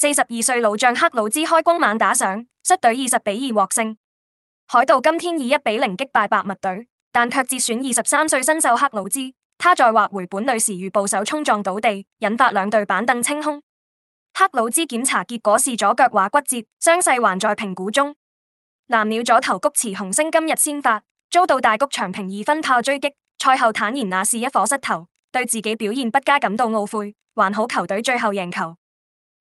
四十二歲老將克魯茲開轟猛打賞，率隊二十比二獲勝。海盜今天以一比零擊敗白襪隊，但卻折損二十三歲新秀克魯茲。他在滑回本壘時，與捕手衝撞倒地，引發兩隊板凳清空。克魯茲檢查結果是左腳踝骨折，傷勢還在評估中。藍鳥左投菊池雄星今日先發，遭到大谷翔平二分炮追擊，賽後坦言那是一顆失投，對自己表現不佳感到懊悔，還好球隊最後贏球。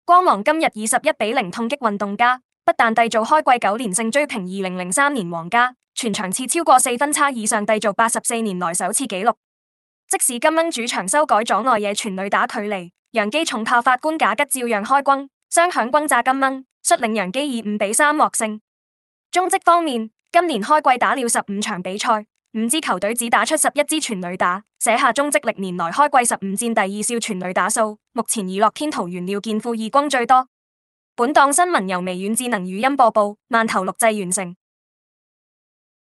光芒今日以十一比零痛擊運動家，不但締造開季九連勝追平二零零三年皇家，全場次超過四分差以上締造八十四年來首次紀錄。即使金鶯主場修改咗外野全壘打距離，楊基重炮法官賈吉照樣開轟，雙響轟炸金鶯，率領楊基以五比三獲勝。中職方面，今年開季打了十五場比賽。五支球隊只打出十一支全壘打，寫下中職歷年來開季十五戰第二少全壘打數。目前以落天圖原料健富二光最多。本檔新聞由微軟智能語音播報，慢頭錄製完成。